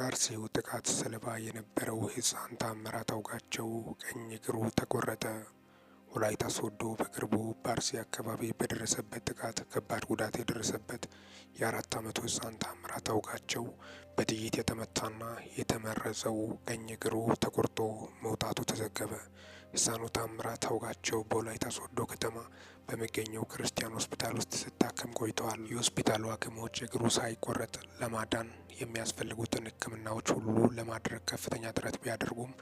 የአርሲው ጥቃት ሰለባ የነበረው ሕፃን ታምራት አውጋቸው ቀኝ እግሩ ተቆረጠ። ወላይታ ሶዶ በቅርቡ በአርሲ አካባቢ በደረሰበት ጥቃት ከባድ ጉዳት የደረሰበት የአራት ዓመቱ ሕፃን ታምራት አውጋቸው በጥይት የተመታና የተመረዘው ቀኝ እግሩ ተቆርጦ መውጣቱ ተዘገበ። ህፃኑ ታምራት አውጋቸው በወላይታ ሶዶ ከተማ በሚገኘው ክርስቲያን ሆስፒታል ውስጥ ስታከም ቆይተዋል። የሆስፒታሉ ሐኪሞች እግሩ ሳይቆረጥ ለማዳን የሚያስፈልጉትን ሕክምናዎች ሁሉ ለማድረግ ከፍተኛ ጥረት ቢያደርጉም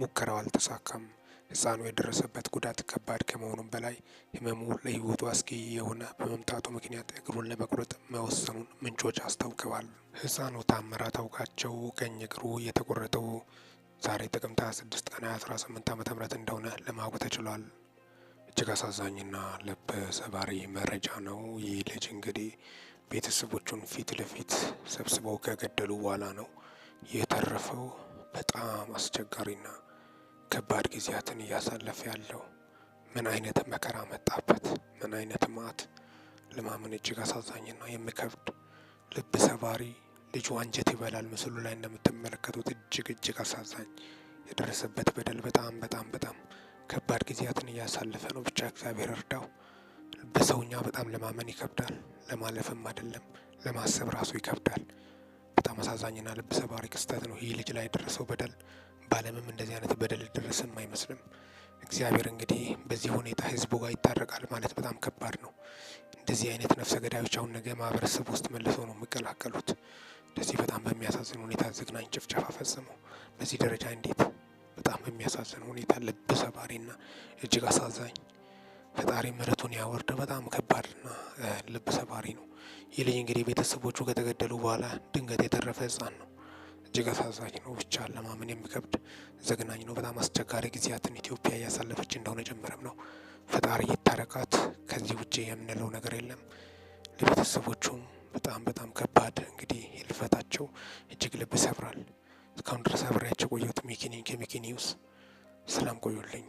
ሙከራው አልተሳካም። ህፃኑ የደረሰበት ጉዳት ከባድ ከመሆኑም በላይ ህመሙ ለህይወቱ አስጊ የሆነ በመምጣቱ ምክንያት እግሩን ለመቁረጥ መወሰኑን ምንጮች አስታውቀዋል። ህፃኑ ታምራት አውጋቸው ቀኝ እግሩ የተቆረጠው ዛሬ ጥቅምት 26 ቀን 2018 ዓ ም እንደሆነ ለማወቅ ተችሏል። እጅግ አሳዛኝና ልብ ሰባሪ መረጃ ነው። ይህ ልጅ እንግዲህ ቤተሰቦቹን ፊት ለፊት ሰብስበው ከገደሉ በኋላ ነው የተረፈው። በጣም አስቸጋሪና ከባድ ጊዜያትን እያሳለፈ ያለው ምን አይነት መከራ መጣበት፣ ምን አይነት ማት ለማመን እጅግ አሳዛኝና የሚከብድ ልብ ሰባሪ ልጁ አንጀት ይበላል። ምስሉ ላይ እንደምትመለከቱት እጅግ እጅግ አሳዛኝ የደረሰበት በደል በጣም በጣም በጣም ከባድ ጊዜያትን እያሳለፈ ነው። ብቻ እግዚአብሔር እርዳው። በሰውኛ በጣም ለማመን ይከብዳል፣ ለማለፍም አይደለም ለማሰብ ራሱ ይከብዳል። በጣም አሳዛኝና ልብ ሰባሪ ክስተት ነው። ይህ ልጅ ላይ የደረሰው በደል በዓለምም እንደዚህ አይነት በደል ደረስም አይመስልም። እግዚአብሔር እንግዲህ በዚህ ሁኔታ ህዝቡ ጋር ይታረቃል ማለት በጣም ከባድ ነው። እንደዚህ አይነት ነፍሰ ገዳዮች አሁን ነገ ማህበረሰብ ውስጥ መልሰው ነው የሚቀላቀሉት። እንደዚህ በጣም በሚያሳዝን ሁኔታ ዘግናኝ ጭፍጨፋ ፈጽሞ በዚህ ደረጃ እንዴት! በጣም በሚያሳዝን ሁኔታ ልብ ሰባሪና እጅግ አሳዛኝ ፈጣሪ ምሕረቱን ያወርደ። በጣም ከባድና ልብ ሰባሪ ነው። ይህ ልጅ እንግዲህ ቤተሰቦቹ ከተገደሉ በኋላ ድንገት የተረፈ ህፃን ነው። እጅግ አሳዛኝ ነው። ብቻ ለማመን የሚከብድ ዘግናኝ ነው። በጣም አስቸጋሪ ጊዜያትን ኢትዮጵያ እያሳለፈች እንደሆነ ጀምረም ነው። ፈጣሪ ይታረቃት። ከዚህ ውጭ የምንለው ነገር የለም። ለቤተሰቦቹም በጣም በጣም ከባድ እንግዲህ ህልፈታቸው እጅግ ልብ ሰብራል። እስካሁን ድረስ አብሬያቸው ቆየሁት። ሚኪ ነኝ ሰላም ቆዩልኝ።